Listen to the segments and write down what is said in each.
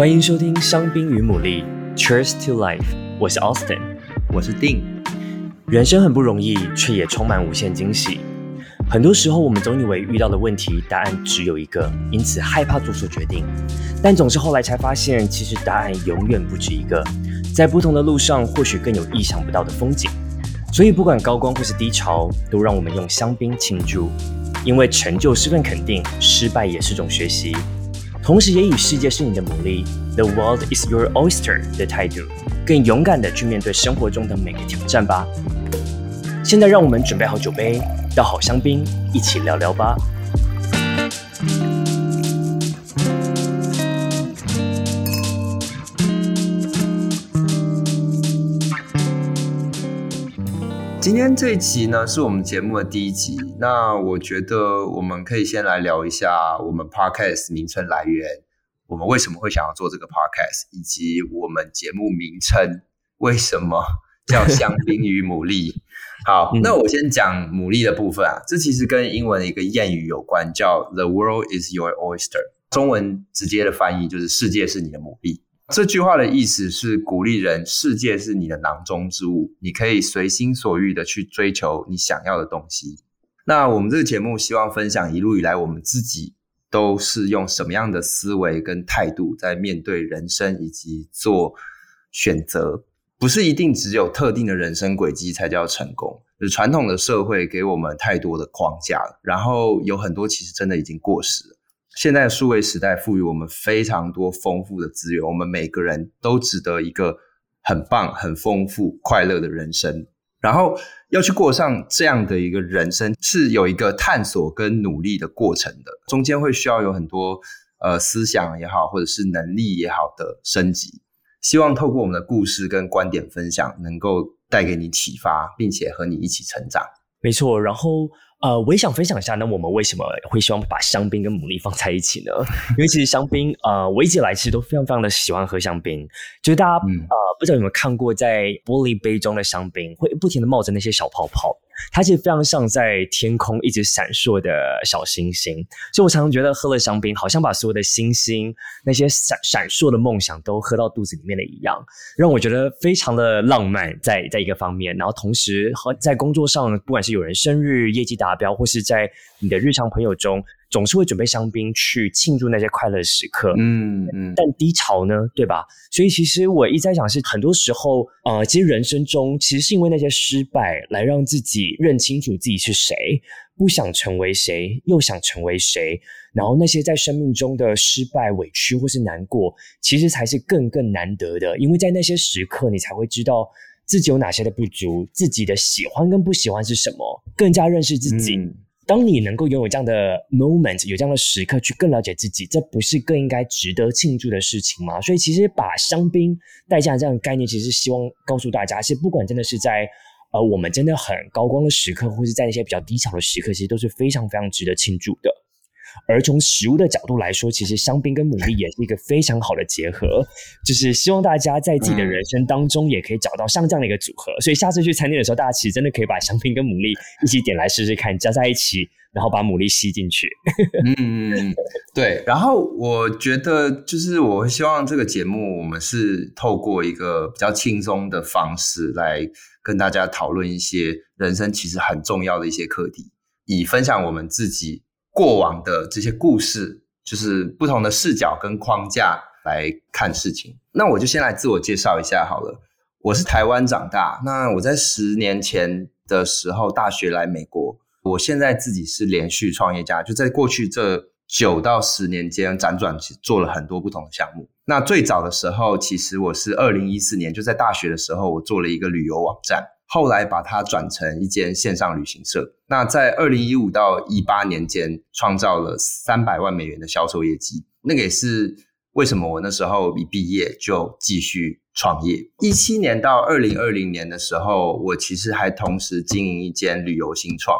歡迎收聽香檳與牡蠣，Cheers to life！我是 Austin，我是丁。人生很不容易，卻也充滿無限驚喜。很多時候，我們總以為遇到的問題答案只有一個，因此害怕做出決定。但總是後來才發現，其實答案永遠不止一個。在不同的路上，或許更有意想不到的風景。所以，不管高光或是低潮，都讓我們用香檳慶祝，因為成就是份肯定，失敗也是種學習。同時也以“世界是你的牡蠣 The world is your oyster” 的態度，更勇敢地去面對生活中的每個挑戰吧。現在，讓我們準備好酒杯，倒好香檳，一起聊聊吧。今天這一集呢，是我們節目的第一集。那我覺得我們可以先來聊一下我們 podcast 名稱來源，我們為什麼會想要做這個 podcast，以及我們節目名稱為什麼叫“香檳與牡蠣”。好，那我先講牡蠣的部分啊，這其實跟英文的一個諺語有關，叫 “the world is your oyster”，中文直接的翻譯就是“世界是你的牡蠣”。這句話的意思是鼓勵人：世界是你的囊中之物，你可以隨心所欲的去追求你想要的東西。那我們這個節目希望分享一路以來我們自己都是用什麼樣的思維跟態度在面對人生以及做選擇，不是一定只有特定的人生軌跡才叫成功。就是傳統的社會給我們太多的框架了，然後有很多其實真的已經過時了。現在的數位時代賦予我們非常多豐富的資源，我們每個人都值得一個很棒、很豐富、快樂的人生。然後要去過上這樣的一個人生，是有一個探索跟努力的過程的，中間會需要有很多呃思想也好，或者是能力也好的升級。希望透過我們的故事跟觀點分享，能夠帶給你啟發，並且和你一起成長。沒錯，然後。呃，我也想分享一下，那我們為什麼會希望把香檳跟牡蠣放在一起呢？因為其實香檳， 呃，我一直以來其實都非常非常的喜歡喝香檳，就是大家、嗯、呃，不知道有沒有看過，在玻璃杯中的香檳會不停的冒着那些小泡泡。它其實非常像在天空一直閃爍的小星星，所以我常常覺得喝了香檳，好像把所有的星星、那些閃閃爍的夢想都喝到肚子裡面了一樣，讓我覺得非常的浪漫在，在在一個方面。然後同時，和在工作上，不管是有人生日、業績達標，或是在你的日常朋友中。總是會準備香檳去慶祝那些快樂的時刻，嗯嗯，嗯但低潮呢，對吧？所以其實我一直在講，是很多時候，呃，其實人生中其實是因為那些失敗，來讓自己認清楚自己是誰，不想成為誰，又想成為誰。然後那些在生命中的失敗、委屈或是難過，其實才是更更難得的，因為在那些時刻，你才會知道自己有哪些的不足，自己的喜歡跟不喜歡是什麼，更加認識自己。嗯當你能夠擁有這樣的 moment，有這樣的時刻去更了解自己，這不是更應該值得慶祝的事情嗎？所以，其實把香檳代價這樣的概念，其實希望告訴大家，其實不管真的是在呃我們真的很高光的時刻，或是在一些比較低潮的時刻，其實都是非常非常值得慶祝的。而從食物的角度來說，其實香檳跟牡蠣也是一個非常好的結合， 就是希望大家在自己的人生當中也可以找到像這樣的一個組合。嗯、所以下次去餐廳的時候， 大家其實真的可以把香檳跟牡蠣一起點來試試看，加在一起，然後把牡蠣吸進去。 嗯， 對。然後我覺得，就是我希望這個節目，我們是透過一個比較輕鬆的方式來跟大家討論一些人生其實很重要的一些課題，以分享我們自己。過往的這些故事，就是不同的視角跟框架來看事情。那我就先來自我介紹一下好了。我是台灣長大，那我在十年前的時候大學來美國，我現在自己是連續創業家，就在過去這九到十年間輾轉做了很多不同的項目。那最早的時候，其實我是二零一四年，就在大學的時候，我做了一個旅遊網站。後來把它轉成一間線上旅行社，那在二零一五到一八年間創造了三百萬美元的銷售業績，那個也是為什麼我那時候一畢業就繼續創業。一七年到二零二零年的時候，我其實還同時經營一間旅遊新創，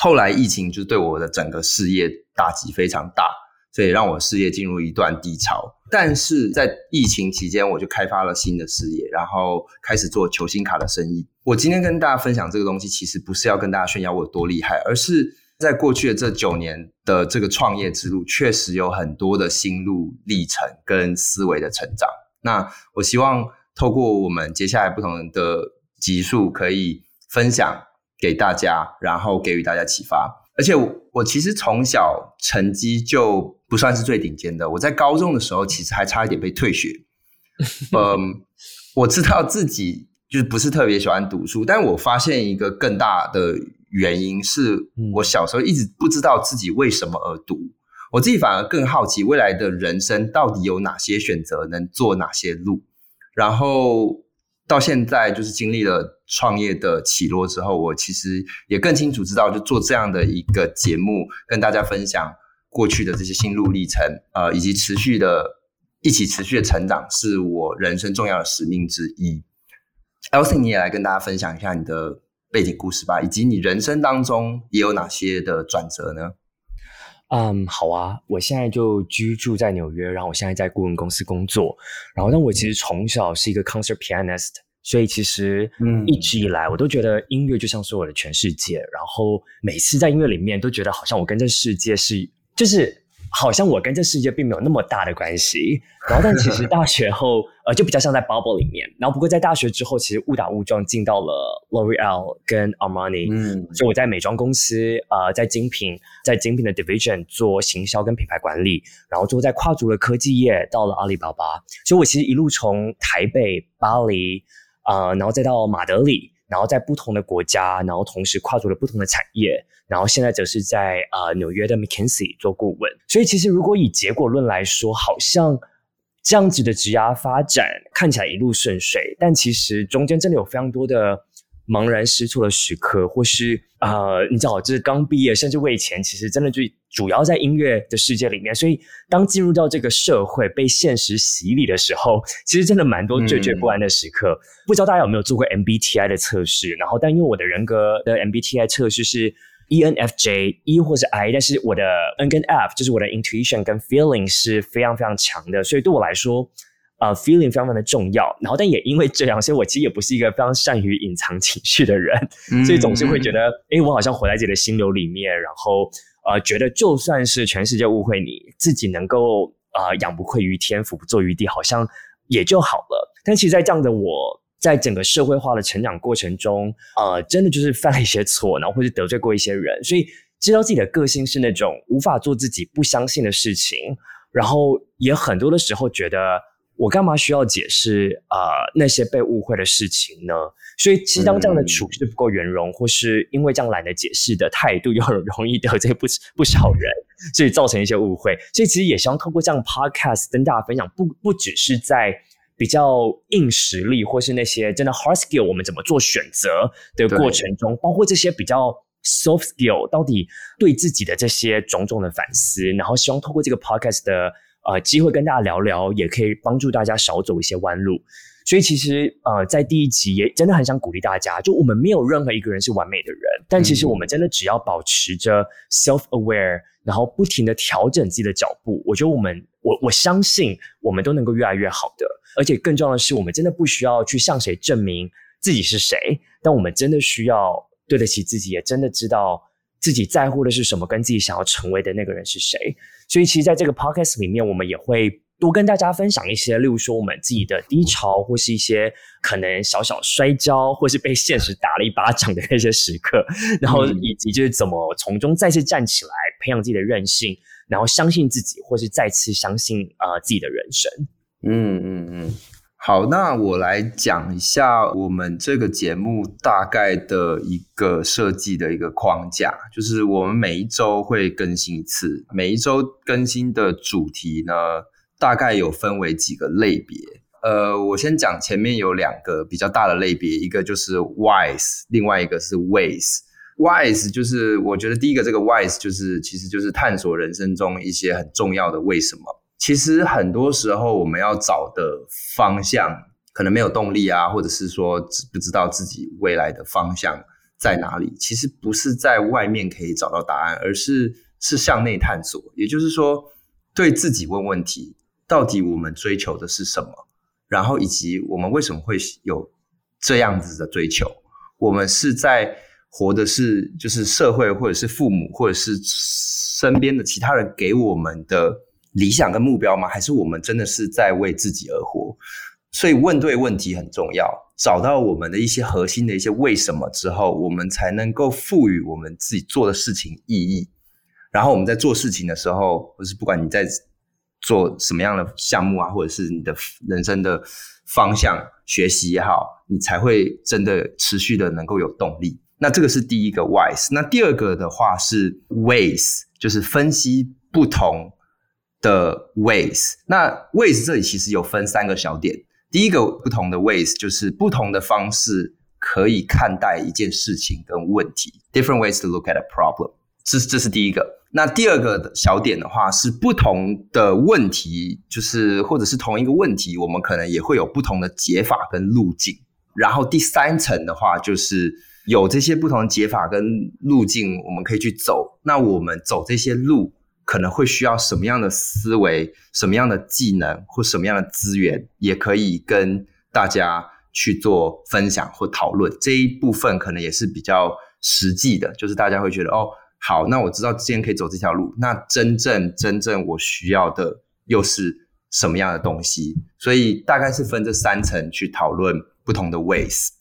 後來疫情就對我的整個事業打擊非常大，所以讓我事業進入一段低潮。但是在疫情期間，我就開發了新的事業，然後開始做球星卡的生意。我今天跟大家分享這個東西，其實不是要跟大家炫耀我有多厲害，而是在過去的這九年的這個創業之路，確實有很多的心路歷程跟思維的成長。那我希望透過我們接下來不同的集數，可以分享給大家，然後給予大家啟發。而且我，我其實從小成績就不算是最頂尖的，我在高中的時候其實還差一點被退學。嗯，um， 我知道自己就是不是特別喜歡讀書，但我發現一個更大的原因是我小時候一直不知道自己為什麼而讀，我自己反而更好奇未來的人生到底有哪些選擇，能做哪些路，然後。到現在就是經歷了創業的起落之後，我其實也更清楚知道，就做這樣的一個節目，跟大家分享過去的這些心路歷程，呃，以及持續的一起持續的成長，是我人生重要的使命之一。I think 你也來跟大家分享一下你的背景故事吧，以及你人生當中也有哪些的轉折呢？嗯，um, 好啊，我現在就居住在紐約，然後我現在在顧問公司工作，然後但我其實從小是一個 concert pianist，所以其實一直以來我都覺得音樂就像是我的全世界，然後每次在音樂裡面都覺得好像我跟這世界是，就是。好像我跟這世界並沒有那麼大的關係，然後但其實大學後， 呃，就比較像在 bubble 裡面，然後不過在大學之後，其實誤打誤撞進到了 L'Oreal 跟 Armani，嗯，就我在美妝公司，呃，在精品，在精品的 division 做行銷跟品牌管理，然後之後在跨足了科技業，到了阿里巴巴，所以我其實一路從台北、巴黎，啊、呃，然後再到馬德里。然後在不同的國家，然後同時跨足了不同的產業，然後現在則是在呃紐約的 McKinsey 做顧問。所以其實如果以結果論來說，好像這樣子的職涯發展看起來一路順遂，但其實中間真的有非常多的。茫然失措的時刻，或是啊、呃，你知道，就是剛畢業，甚至以前，其實真的最主要在音樂的世界裡面。所以，當進入到這個社會，被現實洗禮的時候，其實真的蠻多惴惴不安的時刻。嗯、不知道大家有沒有做過 MBTI 的測試？然後，但因為我的人格的 MBTI 測試是 ENFJ，E 或是 I，但是我的 N 跟 F，就是我的 intuition 跟 feeling 是非常非常強的，所以對我來說。啊、uh,，feeling 非常非常的重要。然後，但也因為這樣，所以我其實也不是一個非常善於隱藏情緒的人，所以總是會覺得，哎、欸，我好像活在自己的心流裡面。然後，呃，覺得就算是全世界誤會你，自己能夠啊，仰、uh, 不愧於天，俯不怍於地，好像也就好了。但其實，在這樣的我在整個社會化的成長過程中，呃，真的就是犯了一些錯，然後或是得罪過一些人。所以，知道自己的個性是那種無法做自己不相信的事情，然後也很多的時候覺得。我幹嘛需要解釋啊、呃？那些被誤會的事情呢？所以其實當這樣的處事不夠圓融，嗯、或是因為這樣懶得解釋的態度，又很容易得罪不不少人，所以造成一些誤會。所以其實也希望透過這樣的 podcast 跟大家分享，不不只是在比較硬實力，或是那些真的 hard skill，我們怎麼做選擇的過程中，對包括這些比較 soft skill，到底對自己的這些種種的反思，然後希望透過這個 podcast 的。呃，機會跟大家聊聊，也可以幫助大家少走一些彎路。所以其實，呃，在第一集也真的很想鼓勵大家，就我們沒有任何一個人是完美的人，但其實我們真的只要保持着 self-aware，、嗯、然後不停地調整自己的腳步，我覺得我們，我我相信我們都能夠越來越好的。而且更重要的是，我們真的不需要去向誰證明自己是誰，但我們真的需要對得起自己，也真的知道。自己在乎的是什麼，跟自己想要成為的那個人是誰。所以，其實在這個 podcast 裡面，我們也會多跟大家分享一些，例如說我們自己的低潮，或是一些可能小小摔跤，或是被現實打了一巴掌的那些時刻，然後以及就是怎麼從中再次站起來，培養自己的韌性，然後相信自己，或是再次相信，呃，自己的人生。嗯嗯嗯。好，那我來講一下我們這個節目大概的一個設計的一個框架，就是我們每一周會更新一次，每一周更新的主題呢，大概有分為幾個類別。呃，我先講前面有兩個比較大的類別，一個就是 wise，另外一個是 ways。wise 就是我覺得第一個這個 wise 就是，其實就是探索人生中一些很重要的為什麼。其實很多時候，我們要找的方向可能沒有動力啊，或者是說不不知道自己未來的方向在哪裡。其實不是在外面可以找到答案，而是是向內探索。也就是說，對自己問問題：到底我們追求的是什麼？然後以及我們為什麼會有這樣子的追求？我們是在活的是就是社會，或者是父母，或者是身邊的其他人給我們的。理想跟目標嗎？還是我們真的是在為自己而活？所以問對問題很重要，找到我們的一些核心的一些為什麼之後，我們才能夠賦予我們自己做的事情意義。然後我們在做事情的時候，或是不管你在做什麼樣的項目啊，或者是你的人生的方向、學習也好，你才會真的持續的能夠有動力。那這個是第一個 wise。那第二個的話是 ways，就是分析不同。的 ways，那 ways 這裡其實有分三個小點。第一個不同的 ways 就是不同的方式可以看待一件事情跟問題，different ways to look at a problem 這是，這是第一個。那第二個小點的話是不同的問題，就是或者是同一個問題，我們可能也會有不同的解法跟路徑。然後第三層的話就是有這些不同的解法跟路徑，我們可以去走。那我們走這些路，可能會需要什麼樣的思維、什麼樣的技能或什麼樣的資源，也可以跟大家去做分享或討論。這一部分可能也是比較實際的，就是大家會覺得哦，好，那我知道今天可以走這條路。那真正真正我需要的又是什麼樣的東西？所以大概是分這三層去討論不同的 ways。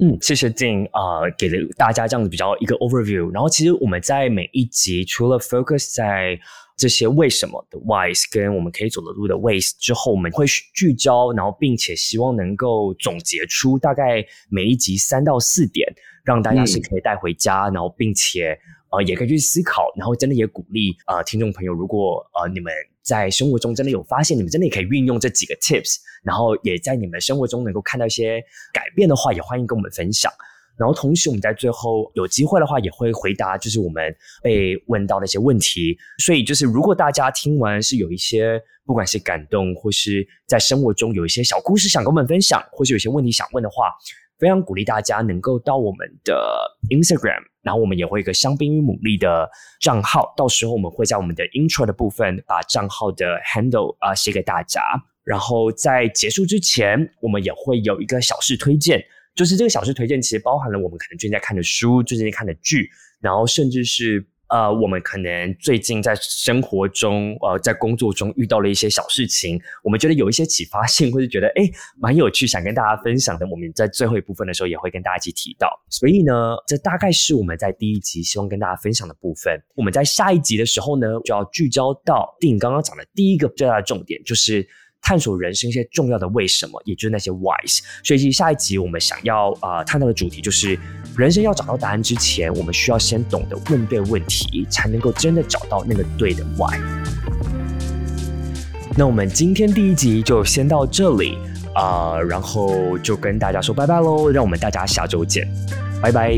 嗯，謝謝丁啊，呃，給了大家這樣子比較一個 overview。然後其實我們在每一集除了 focus 在這些為什麼的 whys 跟我們可以走的路的 ways 之後，我們會聚焦，然後並且希望能夠總結出大概每一集三到四點，讓大家是可以帶回家，然後並且。啊、呃，也可以去思考，然後真的也鼓勵啊、呃，聽眾朋友，如果呃你們在生活中真的有發現，你們真的也可以運用這幾個 tips，然後也在你們生活中能夠看到一些改變的話，也歡迎跟我們分享。然後同時，我們在最後有機會的話，也會回答就是我們被問到的一些問題。所以就是如果大家聽完是有一些不管是感動或是在生活中有一些小故事想跟我們分享，或是有些問題想問的話，非常鼓勵大家能夠到我們的 Instagram。然後我們也會有一個香檳與牡蠣的賬號，到時候我們會在我們的 intro 的部分把賬號的 handle 啊，呃，寫給大家。然後在結束之前，我們也會有一個小事推薦，就是這個小事推薦其實包含了我們可能最近在看的書、最近在看的劇，然後甚至是。呃，我們可能最近在生活中，呃，在工作中遇到了一些小事情，我們覺得有一些啟發性，或者覺得誒，蠻有趣，想跟大家分享的，我們在最後一部分的時候也會跟大家一起提到。所以呢，這大概是我們在第一集希望跟大家分享的部分。我們在下一集的時候呢，就要聚焦到電影剛剛講的第一個最大的重點，就是。探索人生一些重要的為什麼，也就是那些 why。所以，下一集我們想要、呃、探討的主題就是，人生要找到答案之前，我們需要先懂得問對問題，才能夠真的找到那個對的 why。那我們今天第一集就先到這裡啊、呃，然後就跟大家說拜拜嘍，讓我們大家下周見，拜拜。